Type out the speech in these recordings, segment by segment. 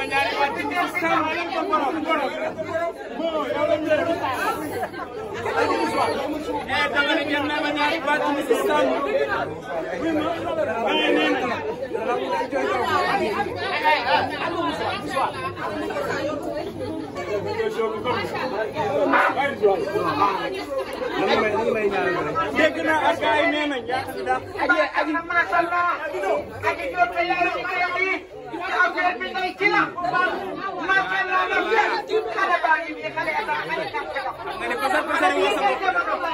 sama ñaari waat ci sama leen ko borom borom mo yow la ñu eh dama ne ngeen nama ñaari baat ci islam oui ma ngay nee na dégg naa ak ay nee nañ yaa xam ne daal affaire bi tey ci la marqué naa la fii xale baa ngi nii xale yi daal xale kan ca kaw. nga ne pasar pasar woo sa bopp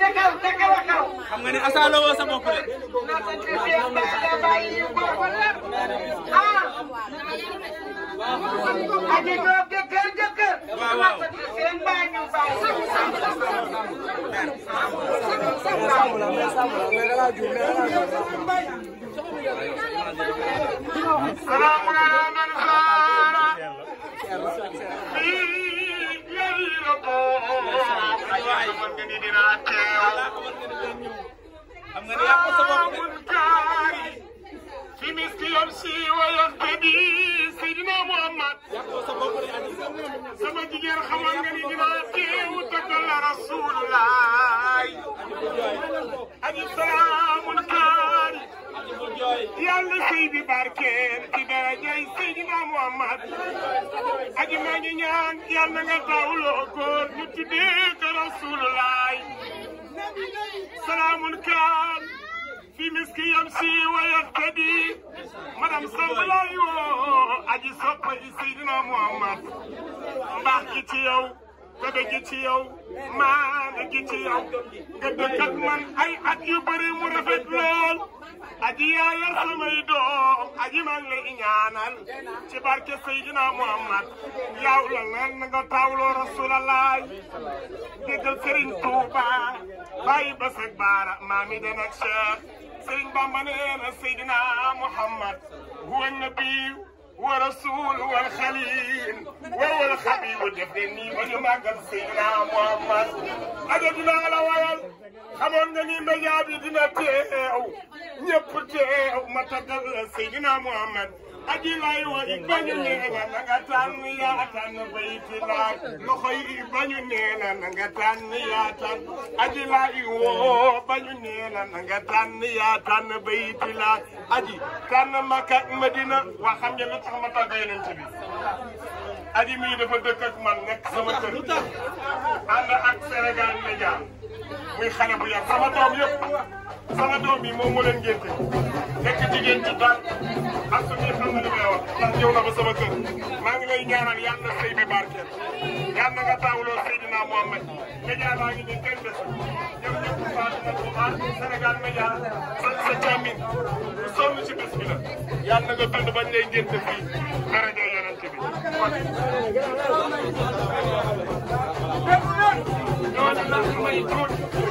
te kaw te kaw a kaw. xam nga ne asaalo woo sa bopp de. na ko defee mbaa bàyyi yu ko ko leer ah. aji doo jëkkër jëkkër. waaw waaw na ko defee mbaa ñu bàyyi. waaw. Adiós. yàlla sëy bi barkeel ci darajay Seydina Muhammad aji maa ngi ñaan yàlla nga taawloo góor ñu tuddee ko Rasulullaay salaamun kaan fi miski yamsi wa yahtadi madame Sambalaay woo aji soppa ji Seydina Muhammad mbaax gi ci yow kada gi ci yow maana gi ci yow nga dëkk ak yu bëri mu rafet lool aji yaa yor maa ngi lay ñaanal ci barke Seydina Muhammad yaw la lan na nga taawloo Rasulallah déggal Sëriñ Tuuba bàyyi bés baara maami den ak Cheikh Sëriñ Bamba nee na Seydina Muhammad huwa nabiyu ورسول والخليل a الخبيب دفني من مقل سيدنا محمد أدبنا على ويل xamoon nga ni mbéyaa bi dina teew ñëpp teew ma taggal Seydina Muhammad ajilaay wa i bañu neena na nga yaa tànn bayti loxo yi bañu neena na nga tànn yaa tànn ajilaay woo bañu neena na nga yaa tànn bayti aji tànn Makka Madina waa xam ngeen lu ma tàgg yonent bi aji mii dafa dëkk man nekk sama kër ànd ak Sénégal Média muy xale bu yàgg sama doom yëpp sama doom bi moom moo leen ngénte nekk jigéen ci daal ak suñuy xam na li may wax ndax na ba sama kër maa ngi lay ñaanal yal na sëy bi barkeel yal na nga taawuloo Seydina Mohamed média baa ngi nii kenn des ñoom ñëpp faatu na bu baax Sénégal média sa sa càmmin bu sonn ci bés bi la yal na nga dund bañ lay ngénte fii daraja yonent bi ñooñu nag may tuuti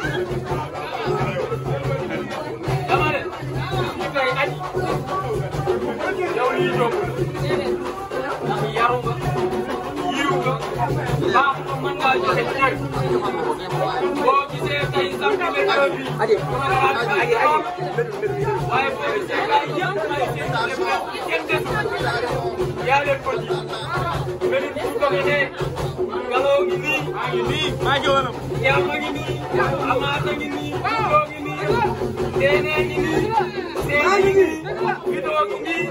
boo gisee tey sax météo bi dama la laaj ba ay ay waaye boo gisee ay yëpp ay kenn des yaa leen ko ji melu bu doxee ne galoo ngi nii maa ngi nii maa ngi woon yàlla ngi nii amaata ngi nii doo ngi nii deenee ngi nii vidéo bi nii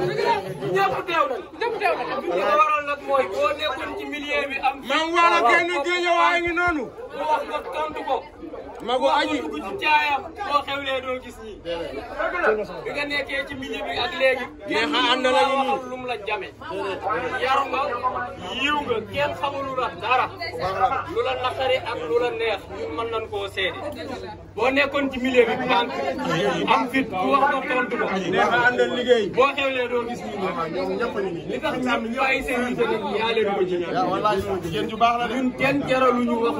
ñëpp teew na ñëpp teew na li ko waaye ngi noonu. mu wax nga tontu mago aji dugg ci caaya boo xewlee doo gis ñi bi nga nekkee ci milieu bi ak léegi neexa ànd la ñu xam lu mu la jame yaru nga yiw nga kenn xamulu la dara lu la naqari ak lu la neex ñu mën koo seede boo nekkoon ci milieu bi banque am fit bu wax ko tontu ko neexa àndal liggéey boo xewlee doo gis ñi li tax ñam ñu ay seen yi jëlee yaa leen ko jiñal ñun kenn jaraluñu wax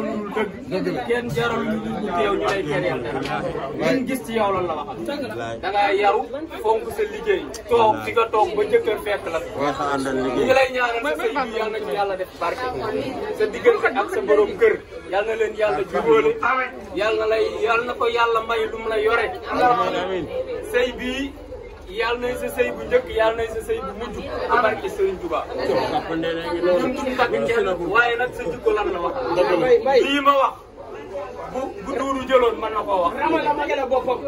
lu dëgg ci yow ñu lay na liñ gis ci yow lan la waxal yaru fonk sa liggéey toog di nga toog ba jëkkër fekk la ñi ngi lay ñaanal sa sëy bi na ci yàlla de barke sa ga ak sa borom kër yàlla na leen yàlla jubóole yal na lay yàlla na ko yalla may lu la yore sëy bii yàlla nañ sa sëy bu njëkk yàlla nañ sa sëy bu mujj ci barke Serigne Touba. ñun duñ takk kenn waaye nag sa jikko lan la wax lii ma wax bu bu duuru jëloon mën na koo wax. ramal la magale boppam.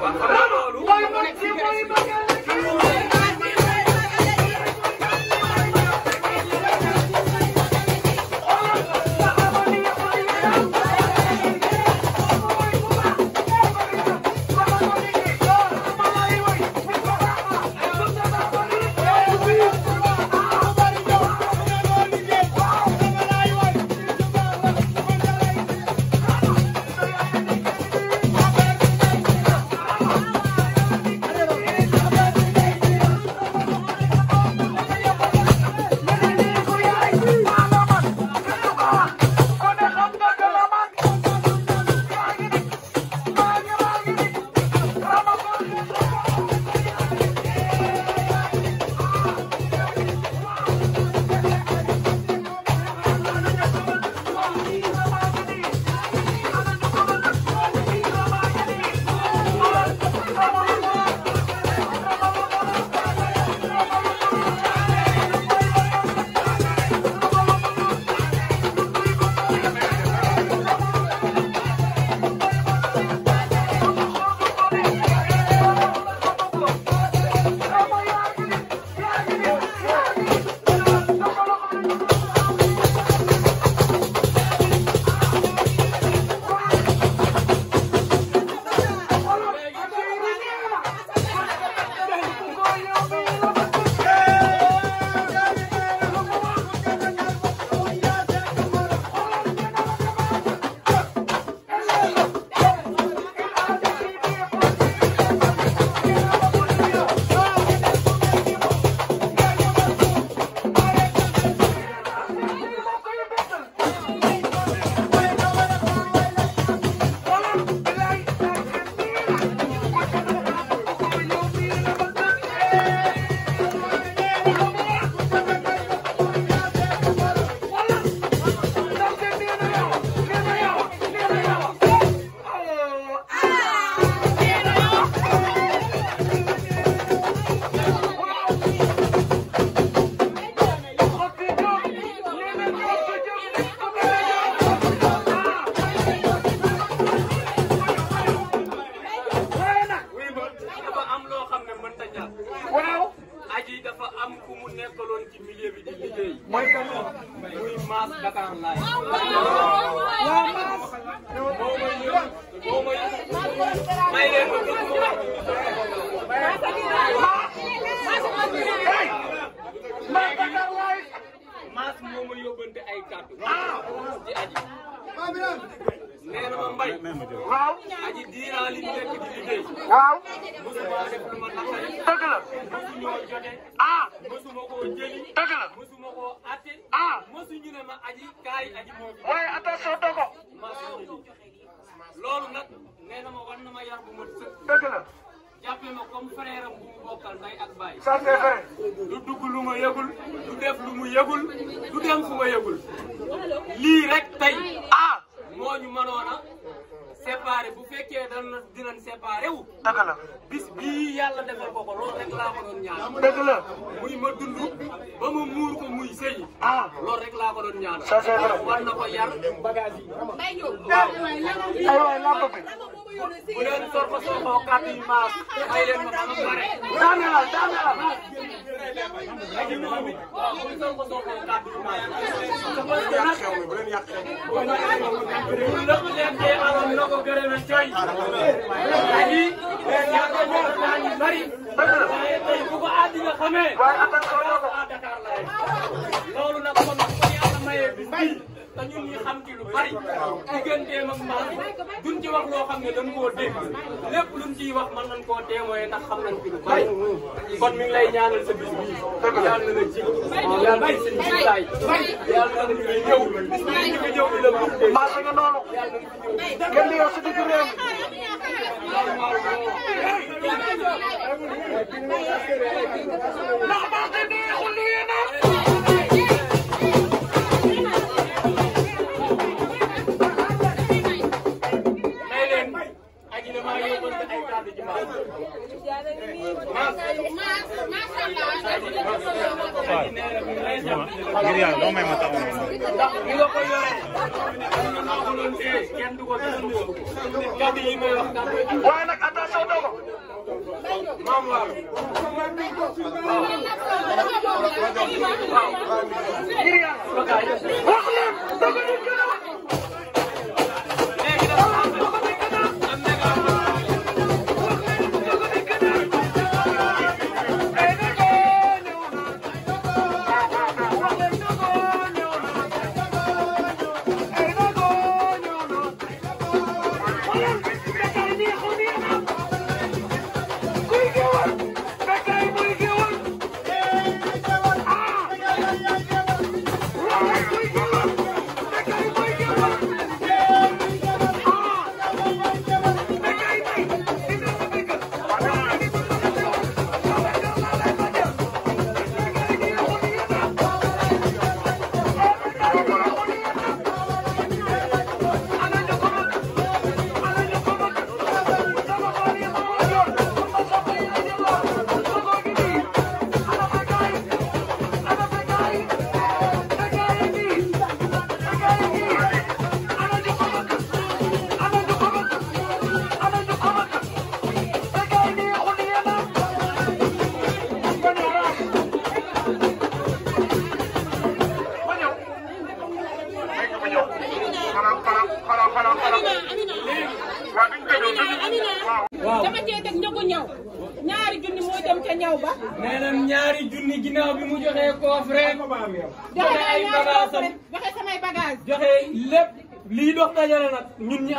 waaw xam nga loolu. ay kàddu. di aji. waaw. aji diiraa li nekk di liggéey. waaw. mosuma def ca ma comme frère am bu mu dugg lu ma yëgul du def lu mu yëgul du dem fu ma yëgul lii rek tey ah moo ñu mënoon a séparé bu fekkee dana dinañ séparé wu. dëgg la bis yàlla defal ko ko loolu rek laa ko doon ñaan. muy ma dund ba ma muur ko muy sëy. ah loolu rek laa ko doon ñaan. ça c'est vrai war na ko yar. bagage eh, yi. aywa aywa làmb bu leen sor ko sor ko kàddu yi maas may leen ma ma bare daan la daan la bu leen sor ko sor ko kàddu yi maas bu leen yàq xew mi bu leen yàq xew mi ndox leen dee alam na ko gërëme coy aji yàgg na naa ñu bari waaye tey bu ko àddina xamee waaye attaque ko Dakar la loolu nag kon ko yàlla mayee bis bi te ñun ñi xam ci lu bari digganteem ak mbaas duñ ci wax loo xam ne dañ koo dégg lépp luñ ciy wax mën nañ koo témoigner ndax xam nañ ci lu bari kon mi ngi lay ñaanal sa bis bii yàlla na la ji yàlla na sa jiitaay yàlla na la ñëw ñu ngi ñëw di la butte mbaa nga noonu ngeen di yow si digg réew ndax maa ngi neexul yéen ngir yàlla doo may ma taxaw ndax ni nga ko yore ñu noo ko doon téye kenn du ko gis kàddu yi may wax kàddu yi waaye nag attention doo ko maam waaw waaw ngir yàlla wax leen da ko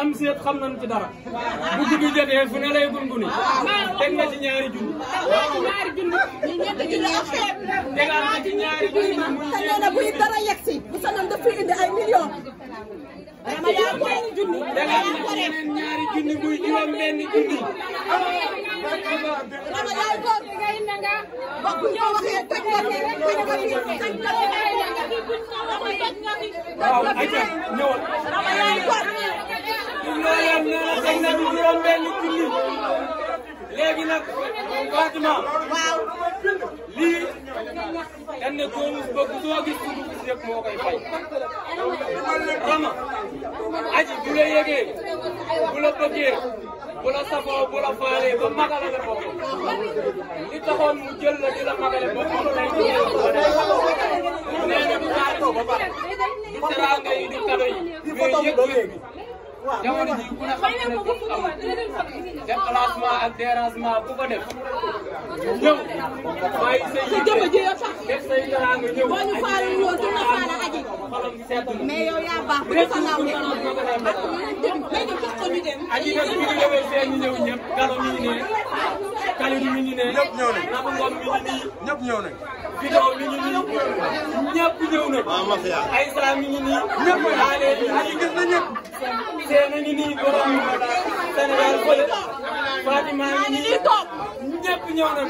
am seet xam nañ ci dara bu juddu jotee fu ne lay gunguni teg na ci ñaari junni tegaat na ci ñaari junni te nee na buy dara yegg si bu sanan daf fi indi ay million tegaat na ci yeneen ñaari junni muy juróom benn junni waaw ayca ñëwal ndooleem nee na teg na du juróom benn junni léegi lii dañ ne koo mus bëgg soo gis ku dugg yëpp moo koy fay rama aji bu la yëgee bu la bëggee bu la safoo bu la faalee ba magale la bopp li taxoon mu jël la di la magale boppam lay jël nee na du taal ko ba pare du teraanga yi du kado yi mais yëg-yëg bi jamono ji ku ne xam ne dafa am ak dérangement bu ko def ñëw bàyyi say yite def say teraanga mais yow yaa baax bu ko naaw de parce que ñu ngi ko ñu dem. ak ñu dem ñu ñëw ñëpp galo mi ñu ne Kalidou mi ñu ne. ñëpp ñëw nañ Nabou Ngom mi ñu nii. ñëpp ñëw nañ. Bidon mi ñu nii. ñëpp ñëw nañ. waaw ma fi yaa. Aïssa mi ñu nii. ñëpp ñu laale ñu nii gis na ñëpp. Seen ñu nii borom Sénégal fële. Fatima mi ñu nii. ñëpp ñëw nañ.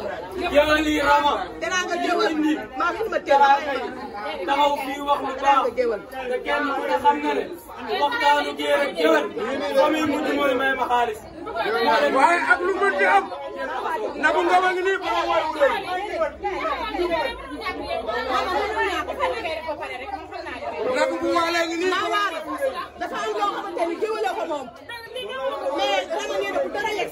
yaa ngi rama danaa nga jéewal maa ngi ma teewal taxaw fii wax lu baax te kenn ku ne xam na ne waxtaanu jéer ak jéewal fa muy mujj mooy may ma xaalis. waaye ak lu mën di am nabu nga ma ngi nii ba ma woy wule nabu bu waalee ngi nii. dafa am loo xamante moom mais xam nga nee na bu dara yegg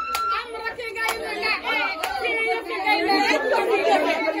Thank you.